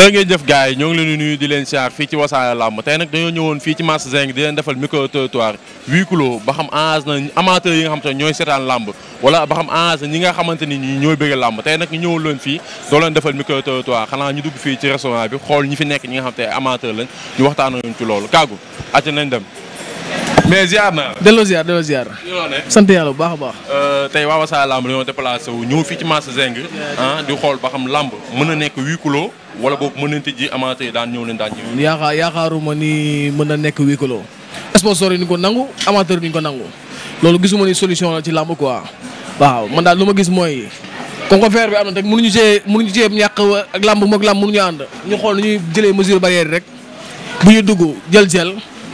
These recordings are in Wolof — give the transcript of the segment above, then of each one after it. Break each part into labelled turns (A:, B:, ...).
A: jërë ngeen jëf gars ñoo ngi leen di nuyu di leen siyaar fii ci wasaare làmb tey nag dañoo ñëwoon fii ci marché Zinc di leen defal micro trottoir huis clos ba xam enrage na amateur yi nga xamante ne ñooy seetaan làmb wala ba xam enrage ñi nga xamante ni ñi ñooy bëgg làmb tey nag ñu ñëwoon leen fii doo leen defal micro trottoir xanaa ñu dugg fii ci restaurant bi xool ñi fi nekk ñi nga xam te amateur lañ ñu waxtaan nañ ci loolu kàggu acca nañ dem mais ziar na. delloo ziar delloo ziar.
B: sant yàlla bu baax a baax.
A: Euh, tey waa Wassare Lamb dañoo déplacé wu ñëw fii ci marché Zing. ah di xool ba xam lamb mën na nekk huis clos wala boobu mën nañ tijji amaate yi daan ñëw leen daan ñëw. yaakaar
B: yaakaaruma ni mën na nekk huis clos. sponsor yi ni ko nangu amateur yi ni ko nangu loolu gisuma ni solution la ci lamb quoi waaw man daal lu ma gis mooy. comme que feer bi am na rek mënuñu cee mënuñu cee ñàkk ak lamb moog lamb mënuñu ànd ñu xool nu ñuy jëlee mesure barrière rek bu ñu dugg jël jël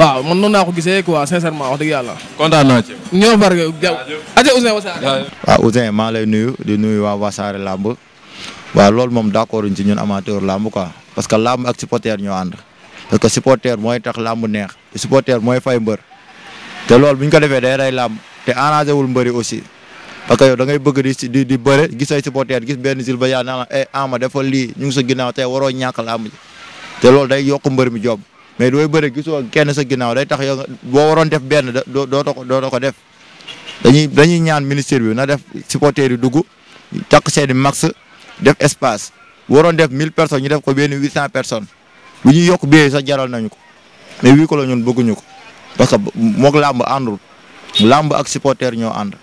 B: waaw man noonu naa ko gisee quoi sincèrement wax dëgg yàlla. kontaan naa ci. ñoo barke jaww. aja Ouzin
C: Wassare. lay nuyu di nuyu waa Wassare Lamb. waaw loolu moom d'accord ci ñun amateur lamb quoi parce que lamb ak supporter ñoo ànd. parce que supporter mooy tax lamb neex supporter mooy fay mbër. te loolu bu ñu ko defee day rey lamb te arrangé wul mbëri aussi. parce que yow da ngay bëgg di di bëre gis ay supporter gis benn sil ba yaa naa la eh lii ñu ngi sa ginnaaw tey waroo ñàkk lamb te loolu day yokk mbër mi job mais dooy bëre gisoo kenn sa ginnaaw day tax yow boo waroon def benn doo doo ko def dañuy dañuy ñaan ministère bi na def supporter yi dugg takk seeni max def espace waroon def mille personnes ñu def ko benn huit cent personnes bu ñuy yokk bee sax jaral nañu ko mais wii ko la ñun bëgguñu ko parce que moog làmb àndul làmb ak supporter ñoo ànd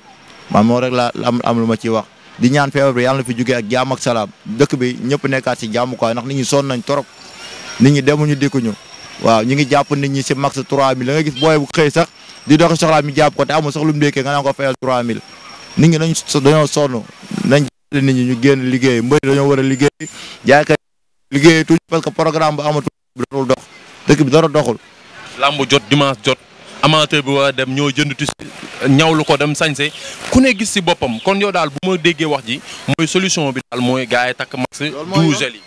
C: man moo rek la am am lu ma ciy wax di ñaan feebar bi yàlla na fi jugee ak jaam ak salaam dëkk bi ñëpp nekkaat si ndax nit ñi sonn nañ torop nit ñi demuñu dikkuñu waaw ñu ngi jàpp nit ñi si max 3000 da nga gis booy bu xëy sax di dox soxlaa mi jàpp ko te amul sax lu mu dékkee nga naan ko fayal 3000 nit ñi nañ dañoo sonn nañ jàppale nit ñi ñu génn liggéey mbëri dañoo war a liggéey jaaykat liggéey parce que programme bu amatul bi doxul dox dëkk bi dara doxul.
A: lamb jot dimanche jot amateur bi war dem ñoo jënd ñaw lu ko dem sañse ku ne gis si boppam kon yow daal bu ma déggee wax ji mooy solution bi daal mooy gars yi takk masque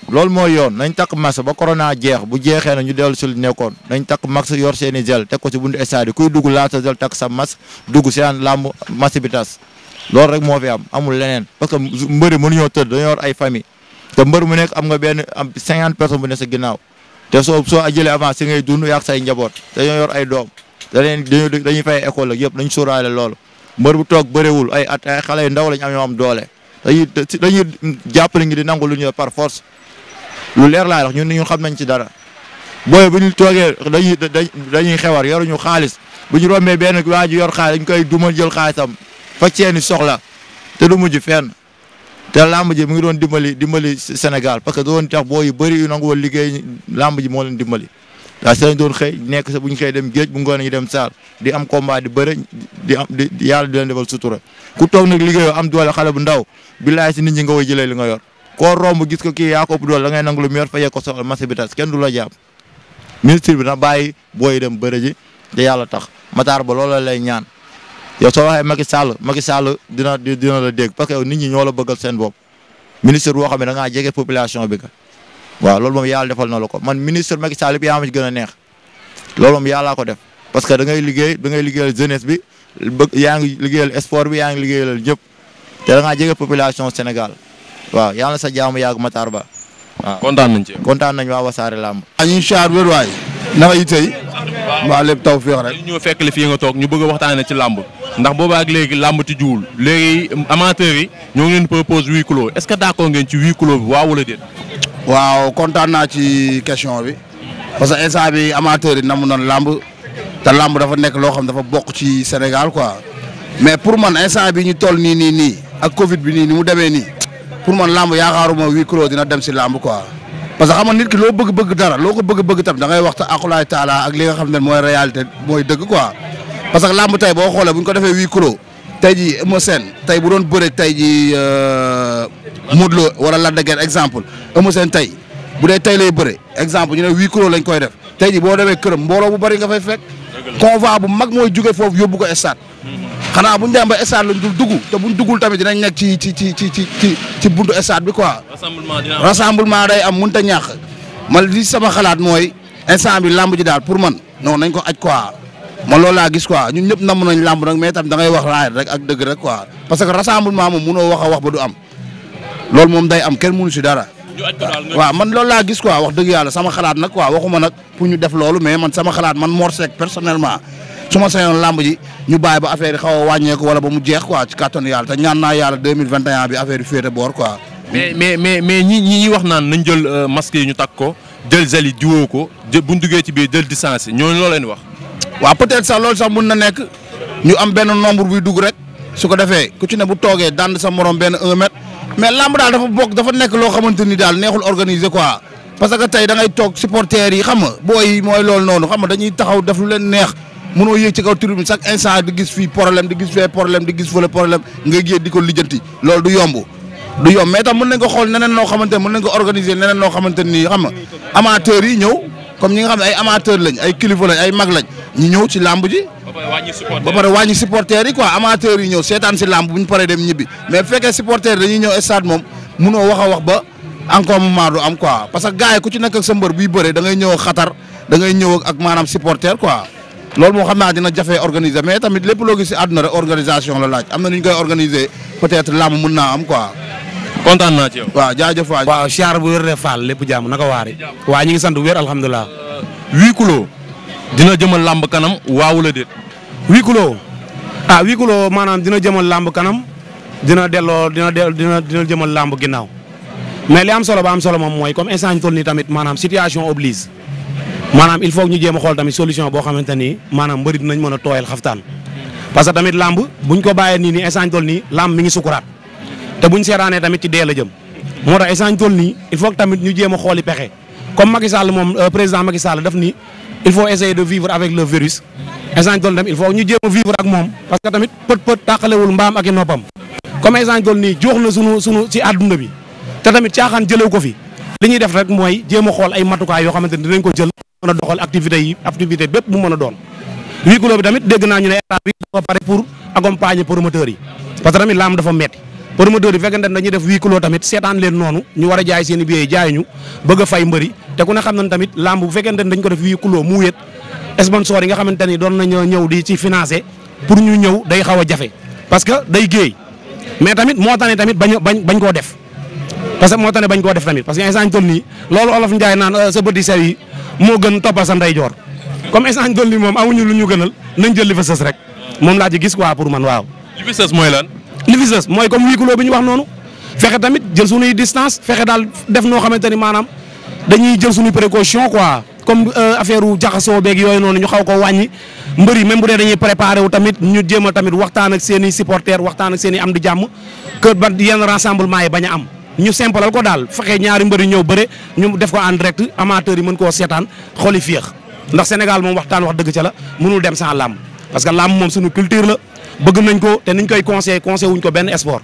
C: loolu mooy yoon nañ takk masque ba corona jeex bu jeexee na ñu dellu si lu nekkoon nañ takk masque yor seen i gel teg ko si buntu stade yi kuy dugg laata gel takk sa masque dugg seen làmb masque bi tas loolu rek moo fi am amul leneen parce que mbëri mënuñoo tëdd dañoo yor ay famille te mbër mu nekk am nga benn am cinquante personnes bu ne sa ginnaaw te soo soo jëlee avant si ngay dund yaak say njaboot te yor ay doom da leen dañuy fay école ak yëpp dañ sóoraale loolu mbër bu toog bëriwul ay at ay xale yu ndaw lañ am yoo am doole dañuy dañuy jàppale ngi di nangu lu ñu par force lu leer laa wax ñun ñun xam nañ ci dara booy bu ñu toogee dañuy dañuy xewar yoruñu xaalis bu ñu benn waa ji yor xaalis dañ koy duma jël xaalisam faj seeni soxla te du mujj fenn te làmb ji mu ngi doon dimbali dimbali Sénégal parce que doon tax boo yu bëri yu liggéey làmb ji moo leen dimbali ndax si lañ doon xëy nekk sa bu ñu xëy dem géej bu ngoon ñu dem saar di am combat di bëre di am di yàlla di leen defal sutura ku toog nag liggéeyoo am doole xale bu ndaw billaay si nit ñi nga koy jëlee li nga yor koo romb gis ko kii yaa ko ëpp doole da ngay nangu lu mu yor fayee ko soxla marché bi tas kenn du la jàpp ministre bi na bàyyi booy dem bëre ji te yàlla tax Matar Ba loolu lay ñaan yow soo waxee Macky Sall Macky Sall dina dina la dégg parce que nit ñi ñoo la bëggal seen bopp ministre boo xam ne da ngaa jege population bi nga waaw loolu moom yàlla defal na la ko man ministre Macky Sall bi yaa ma ci gën a neex loolu moom yàllaa ko def parce que da ngay liggéey da ngay liggéeyal jeunesse bi bëgg yaa ngi liggéeyal sport bi yaa ngi liggéeyal ñëpp te da ngaa jege population Sénégal waa yàlla na sa jaamu yàgg Matar Ba
A: waaw kontaan nañ ci
C: kontaan nañ waa Wassare Lamb. incha allah waay naka yi tey waa lépp taw féex
A: rek. ñu fekk li fii nga toog ñu bëgg a waxtaanee ci lamb ndax boobaa ak léegi làmb ci juwul léegi amateurs yi ñoo ngi leen propose huis clos est ce ngeen ci huis bi waaw wala déet
D: waaw kontaan naa ci question bi parce que instant bi amateur yi namu noon làmb te lamb dafa nekk loo xam dafa bokk ci Sénégal quoi mais pour man instant bi ñu toll nii nii nii ak Covid bi nii ni mu demee nii pour man làmb yaakaaruma huis clos dina dem si làmb quoi parce que xam nga nit ki loo bëgg-bëgg dara loo ko bëgg-bëgg tam dangay ngay waxta akulaay taala ak li nga xam ne mooy réalité mooy dëgg quoi parce que làmb tey boo xoolee bu ko defee wii clos tey ji Eumeu Sène tey bu doon bëre tey ji euh, Modou Lo wala Lac de exemple Eumeu Sène tey bu dee tey lay bëre exemple ñu ne huis clos lañ koy def tey ji boo demee këram mbooloo bu bëri nga fay fekk convoi bu mag mooy jóge foofu yóbbu ko stade xanaa bu dem ba stade lañ dul te buñ duggul tamit dinañ nekk ci ci ci ci ci ci ci buntu stade bi quoi
A: rassemblement
D: day am mun a ñàkk man li sama xalaat mooy instant bi lamb ji daal pour man non nañ ko aj quoi man loolu laa gis quoi ñun ñëpp namm nañ lamb nag mais tam da ngay wax laaj rek ak dëgg rek quoi parce que rassemblement moom mënoo wax a wax ba du am loolu moom day am kenn mënu si dara. waa man loolu laa gis quoi wax dëgg yàlla sama xalaat nag quoi waxuma nag pour ñu def loolu mais man sama xalaat man Mor Seck personnellement su ma sañoon làmb ji ñu baay ba affaire yi wàññeeku wala ba mu jeex quoi ci kàttanu yàlla te ñaan naa yàlla 2021 bi affaire yi féete boor quoi. mais mais mais mais ñi ñi wax
A: naan nañ jël euh, masque yi ñu takk ko jël gel yi ko buntu bu ci biir jël distance yi ñooñu loo leen wax. waa peut-être sax loolu sax mun na nekk ñu am benn nombre buy dugg rek su ko
D: defee ku bu toogee dànd sa morom benn un mais làmb daal dafa bokk dafa nekk loo xamante ni daal neexul organiser quoi parce que tey dangay ngay toog supporters yi xam nga booy mooy lool noonu xam nga dañuy taxaw def lu leen neex mënoo yéeg ci kaw tribune chaque instant di gis fii problème di gis fee problème di gis fële problème nga yéeg di ko lijjanti loolu du yomb. du yomb mais tam mën nañ ko xool neneen noo xamante ne mën nañ ko organiser neneen noo xamante nii xam nga amateurs yi ñëw comme ñi nga xam ne ay amateur lañ ay kilifa lañ ay mag lañ ñu ñëw ci làmb ji. ba pare wàññi supporters yi quoi amateurs yi ñëw seetaan si lamb bu ñu pare dem ñibbi mais bu fekkee supporters dañuy ñëw stade moom munoo wax a wax ba encore moment du am quoi parce que gars yi ku ci nekk ak sa mbër buy bëree dangay ngay ñëw xatar da ngay ñëw ak maanaam supporter quoi. loolu moo xam naa dina jafe organiser mais tamit lépp loo gis si àdduna rek organisation la laaj am na nu ñu koy organiser peut-être làmb mun naa am quoi. kontaan naa ci yow. waaw jaajëf waay. waaw siyaar
E: bu wér de Fall lépp jàmm naka waari. waa ñu ngi sant bu wér alhamdulilah. Euh, huis dina jëmal làmb kanam waaw la déet. huis clos ah maanaam dina jëmal làmb kanam dina delloo dina delloo dina dina jëmal làmb ginnaaw mais li am solo ba am solo moom mooy comme instant ñu toll nii tamit maanaam situation oblige maanaam il faut ñu jéem a xool tamit solution boo xamante ni maanaam mbëri dinañ mën a tooyal xaftaan parce que tamit làmb buñ ko bàyyee nii nii instant ñu toll nii làmb mi ngi sukuraat. te buñ seeraanee tamit ci dee la jëm moo tax échange toll nii il faut tamit ñu jéem a xooli pexe comme Macky Sall moom euh, président Macky Sall daf nii il faut essayer de vivre avec le virus échange toll tamit il faut ñu jéem a vivre ak moom parce que tamit pët pët tàqalewul mbaam ak i noppam comme échange toll nii jox na sunu sunu ci àdduna bi te tamit caaxaan jëlew ko fi li ñuy def rek mooy jéem a xool ay matukaay yoo xamante ne dinañ ko jël mën a doxal activités yi activité bépp mu mën naa ñu pour accompagner promoteurs yi parce que tamit laam dafa metti promoteurs yi fekkente dañuy def huis clos tamit seetaan leen noonu ñu war a jaay seen i billets jaay ñu bëgg a fay mbëri te ku ne xam nañ tamit lamb bu fekkente dañ ko def huis clos mu wéet sponsor nga xamante ni doon nañoo ñëw di ci financer pour ñu ñëw day xaw jafe parce que day géey mais tamit moo tax ne tamit bañ bañ bañ koo def parce que moo tax ne bañ koo def tamit parce que instant ñu toll nii loolu olof Ndiaye naan euh, sa bët di sew yi moo gën toppal sa ndeyjoor comme instant ñu nii moom amuñu lu ñu gënal nañ jël li fa sës rek moom laa ci gis quoi pour man waaw. li fi sës li fi des mooy comme wiikuloo bi ñu wax noonu fexe tamit jël suñuy distance fexe daal def noo xamante ni maanaam dañuy jël suñu précaution quoi comme euh, affaire wu jaxasoo beeg yooyu noonu ñu xaw ko wàññi mbër yi même bu dee dañuy préparé wu tamit ñu jéem a tamit waxtaan ak seen i supporters waxtaan ak seen i am di jàmm que ba yenn rassemblement yi bañ a am ñu simplal ko daal fexe ñaari mbër yi ñëw bëre ñu def ko en direct amateurs yi mën koo seetaan xooli féex ndax Sénégal moom waxtaan wax dëgg ca la mënul dem sans làmb parce que la bëgg nañ ko te niñ koy conseil conseil wuñ ko benn sport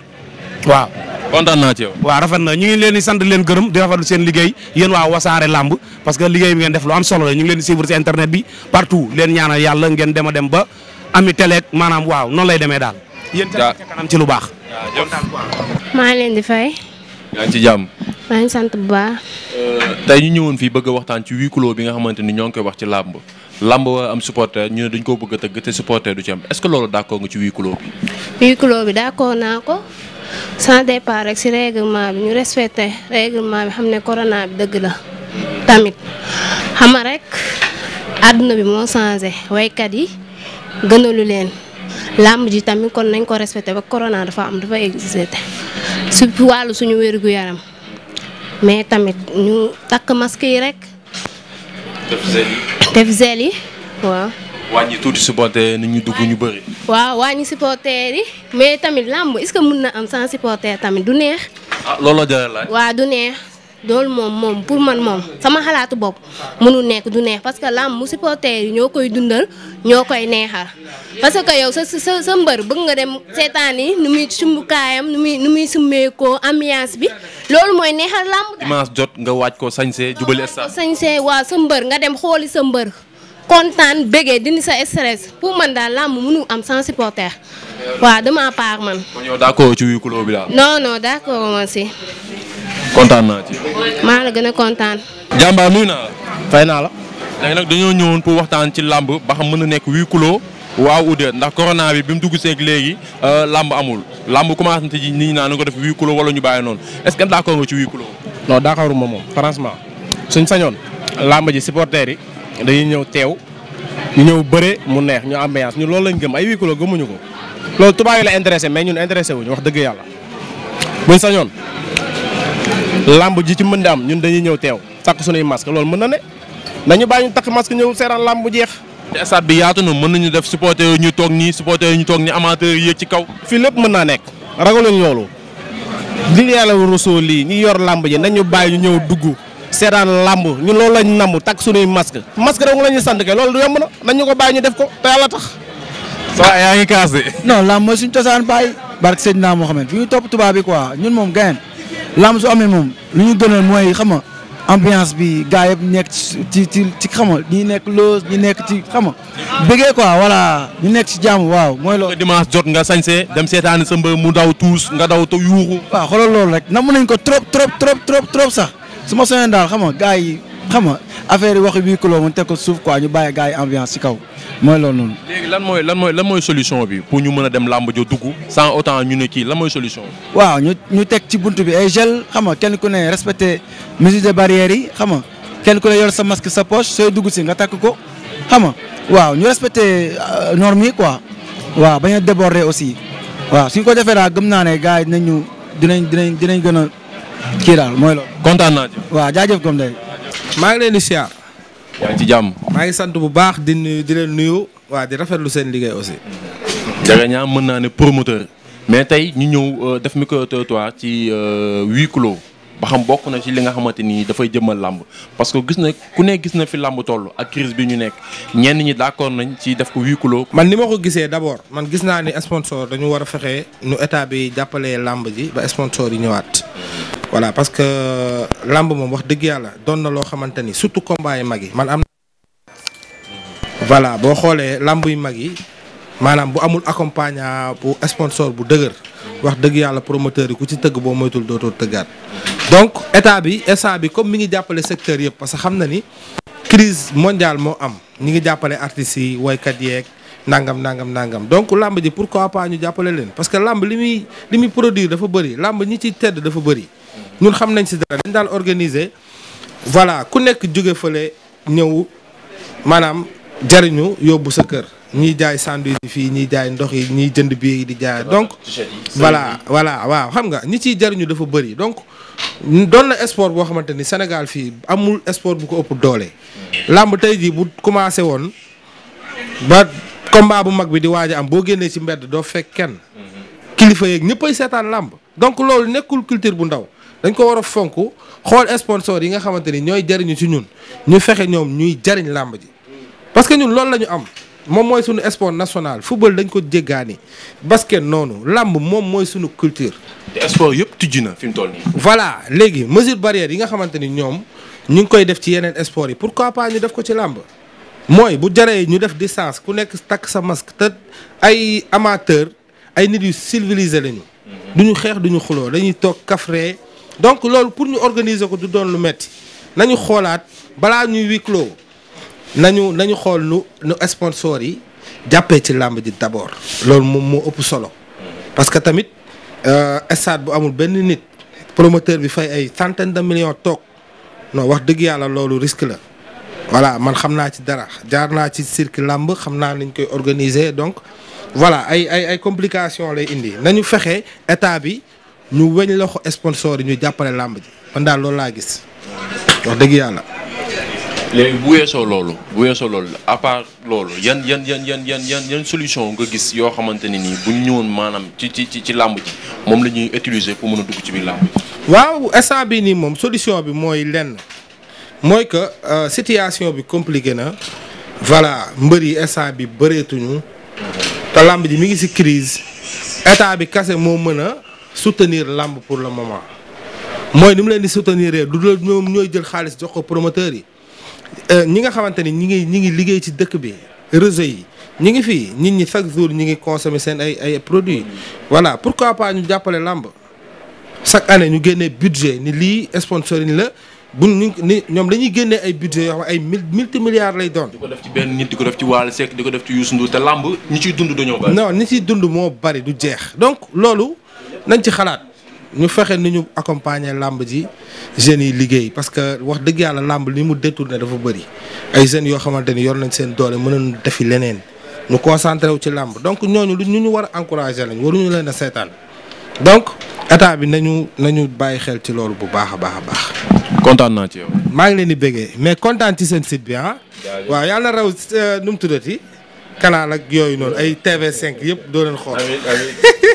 E: waaw. kontaan naa waaw rafet na ñu ngi leen di sant leen gërëm di rafetlu seen liggéey yéen waa wasaare làmb parce que liggéey bi ngeen def lu am solo la ñu ngi leen di suivre ci internet bi partout leen ñaanal yàlla ngeen dem a dem ba ami teleek maanaam waaw noon lay demee daal.
F: yéen ca kanam
A: ci lu baax.
G: maa leen di fay. ci jàmm. maa ngi sant bu baax. Euh,
A: tey ñu ñëwoon fii bëgg a waxtaan ci huis clos bi nga xamante ni ñoo ngi koy wax ci làmb lamb wa am supporter ñu ne dañ koo bëgg tëgg te supporter du ci am est-ce que loolu d'accord nga ci huis clos bi.
G: huis clos bi d'accord naa ko sans départ rek ci règlement bi ñu respecté règlement bi xam ne corona bi dëgg la tamit xama rek àdduna bi moo changé waykat yi gënalu leen làmb ji tamit kon nañ ko respecté ba corona dafa am dafa existé su wàllu suñu wér yaram mais tamit ñu takk masque yi rekk def zèle yi. def zèle yi waaw.
A: wàññi tuuti supporter nit ñu dugg ñu bëri.
G: waaw wàññi supporter yi mais tamit làmb est-ce que mën na am sans supporter tamit du neex.
A: ah looloo jaral
G: laaj. waaw du neex. loolu moom moom pour man moom sama xalaatu bopp mënu nekk du neex parce que làmb mu supporter yi ñoo koy dundal ñoo koy neexal parce que yow sa sa mbër bëgg nga dem seetaan yi nu muy sumbukaayam nu muy nu muy summeekoo ambiance bi loolu mooy neexal làmb.
A: dimanche jot nga waaj ko sañsee jubali stade
G: sañsee waaw sa mbër nga dem xooli sa mbër kontaan bëggee dindi sa stress pour man daal làmb mënu am sans supporter waaw dama part man.
A: kon yow daal.
G: non non ma si.
A: kontaan naa ci.
G: maa la gën a kontaan. jàmbaar nuyu naa
A: la. fay naa la. léegi nag dañoo ñëwoon pour waxtaan ci làmb ba xam mën na nekk huis clos waaw ou ndax corona bi bi mu dugg seek léegi euh, làmb amul làmb commencé na ci nit ñi naan nga ko def huis clos wala ñu bàyyi noonu est-ce que d'accord nga ci huis clos. non moom franchement suñ sañoon làmb ji supporters yi dañuy ñëw teew
E: ñu ñëw bëre mu neex ñu ambiance ñu loolu lañ gëm ay huis clos gëmuñu ko loolu tubaab yi la intéressé mais ñun intéressé wuñu wax dëgg yàlla buñ lamb ji ci mën di am
A: ñun dañuy ñëw teew takk suñuy masque loolu mën na ne nañu bàyyi ñu takk masque ñëw seeraan lamb bu jeex. te stade na mën nañu def supporter yu ñu toog nii supporter yu ñu toog nii amateur yi ci kaw. fii lépp mën naa nekk ragaluñ loolu li yàlla rusoo lii ñu yor lamb ji nañu bàyyi ñu
E: ñëw dugg seeraan lamb ñu loolu lañ namm takk suñuy masque masque rek la ñuy sant kay loolu yomb na
D: nañu ko bàyyi ñu def ko te yàlla tax. waaw yaa ngi
E: kaas
B: de.
D: non lamb mooy suñu cosaan bàyyi. barke sëñ naa moo xam ne ñu topp tubaab bi quoi ñun moom gayen lamb su amee moom lu ñu gënal mooy xam nga ambiance bi gars yëpp nekk ci ci ci xam nga ñi nekk loos ñi nekk ci
A: xama nga bëggee quoi voilà ñu nekk ci jàmm waaw mooy loolu. dimanche jot nga sañse dem seetaani sa mbër mu daw tuus nga daw te yuuxu. waaw xoolal loolu rek namm nañ ko trop trop trop trop trop sax
D: su ma soñoon daal xam nga gars yi xam nga affaire yi waxi bii kuloo mu teg ko suuf quoi ñu bàyyi gars yi ambiance ci kaw mooy loolu noonu.
A: lan mooy lan mooy solution bi pour ñu mën a dem làmb jo dugg sans autant ñu ne kii lan mooy solution bi.
D: waaw ñu teg ci bunt bi ay gel xam nga kenn ku ne respecté mesures de barrières yi xam nga kenn ku ne yor sa masque sa poche sooy dugg si nga takk ko xam waaw ñu respecté euh, normes yi quoi waaw bañ a déborder aussi waaw suñ ko defee daal gëm naa ne gars yi dinañ ñu dinañ dinañ dinañ gën a kii daal mooy loolu. kontaan waaw jaajëf comme maa ngi leen di siyaar. ci jàmm. maa ngi sant bu baax di nuyu
F: di leen nuyu waa di rafetlu seen liggéey aussi.
A: Ndiaga Niang mën naa ne promoteur. mais tey ñu ñëw euh, def micro-trottoir ci euh, huis clos ba xam bokk na ci li nga xamante ni dafay jëmmal làmb parce que gis na ku ne gis na fi làmb toll ak crise bi ñu nekk ñenn ñi d'accord nañ ci def ko wii clos. man ni ma ko gisee d'abord
F: man gis naa ni sponsor dañu war a fexe nu état bi jàppalee làmb ji ba sponsor yi ñëwaat voilà parce que euh, làmb moom wax dëgg yàlla doon na loo xamante ni surtout combat yi mag yi man am voilà boo xoolee làmb yu mag yi maanaam bu amul accompagnant bu sponsor bu dëgër wax dëgg yàlla promoteur yi ku ci tëgg boo moytul dootoo tëggaat donc état bi état bi comme mi ngi jàppale secteur yëpp parce que xam na ni crise mondiale moo am ñi ngi jàppale artistes yi woykat yeeg nangam nangam nangam donc làmb ji pourquoi pas ñu jàppale leen parce que làmb li muy li muy produire dafa bëri làmb ñi ci tedd dafa bëri ñun xam nañ si dara dañ daan organiser voilà ku nekk jóge fale ñëw maanaam jariñu yóbbu sa kër ñiy jaay sandwich yi fii ñiy jaay ndox yi ñiy jënd bii yi di jaay donc voilà voilà waaw xam nga ñi ciy jariñu dafa bëri donc doon na sport boo xamante ni Sénégal fii amul sport bu ko ëpp doole mm. làmb tey jii bu commencé woon ba combat bu mag bi di waaj am boo génnee ci mbedd doo fekk kenn mm-hmm. kilifa yeeg ñëppay seetaan làmb donc loolu nekkul culture bu ndaw dañ ko war a fonk xool sponsor yi nga xamante ni ñooy jariñu ci ñun ñu fexe ñoom ñuy jariñ làmb ji parce que ñun loolu lañu am moom mooy suñu sport national football dañ ko jéggaani basket noonu làmb moom mooy suñu culture. te sport yëpp tijji na fi mu toll nii. voilà léegi mesure bariere yi nga xamante ni ñoom ñu ngi koy def ci yeneen sport yi pourquoi pas ñu def ko ci làmb mooy bu jaree ñu def di distance ku nekk takk sa masque te ay amateur ay nit yu civilisé lañu. Mm-hmm. duñu xeex duñu xuloo dañuy toog kafre donc loolu pour ñu organiser ko du doon lu metti nañu xoolaat balaa ñuy huis nañu nañu xool nu nu sponsor yi jàppee ci làmb ji d'abord. loolu moom moo ëpp solo parce que tamit euh, stade bu amul benn nit promoteur bi fay ay centaine de million toog noo wax dëgg yàlla loolu risque la. voilà man xam naa ci dara jaar naa ci cirque làmb xam naa nañ koy organiser donc voilà ay ay ay complications lay indi nañu fexe état bi. ñu weñ loxo sponsor yi ñu jàppale làmb ji man daal loolu laa gis wax dëgg yàlla.
A: léegi bu weesoo loolu bu weesoo loolu à loolu yan yan yan yan yan yan yan solution nga gis yoo xamante ne nii bu ñu ñëwoon maanaam ci ci ci ci làmb ji moom la ñuy utiliser pour mën a dugg ci biir làmb
F: ji. waaw instant bii nii moom solution bi mooy lenn mooy que euh, situation bi compliqué na voilà mbër yi instant bi bëreetuñu mhm. te làmb ji mi ngi ci crise état bi kase moo mën a. soutenir làmb pour le moment mooy ni mu leen di soutenir du dul ñoom ñooy jël xaalis jox ko promoteurs yi euh, ñi nga xamante ni ñi ngi ñi ngi liggéey ci dëkk bi réseau yi ñi ngi fii nit ñi chaque jour ñi ngi consommer seen ay ay produits voilà pourquoi pas ñu jàppale làmb chaque anne ñu génnee budget ni lii sponsoring la bu ñu ni ñoom dañuy génnee ay budget yoo xam ay mil multi milliards lay doon. di
A: ci benn nit di ko def ci Wally Seck di ko def ci Youssou Ndour te làmb ñi ciy dund dañoo bari.
F: ñi ciy dund moo bari du jeex donc loolu. nañ ci xalaat ñu fexe ni ñu accompagner làmb ji jeunes yi liggéey parce que wax dëgg yàlla làmb li mu détourné dafa bëri ay jeunes yoo xamante ni yor nañ seen doole mënoon defi leneen ñu concentré wu ci làmb donc ñooñu lu ñu ñu war a encouragé lañ waruñu leen a seetaan donc état bi nañu nañu bàyyi xel ci loolu bu baax a baax a baax. kontaan naa ci yow. maa ngi leen di bëggee mais kontaan ci seen site bi ah. yàlla raw euh, nu mu tuddati. kanaal ak yooyu noonu ay tv cinq yëpp doo xool.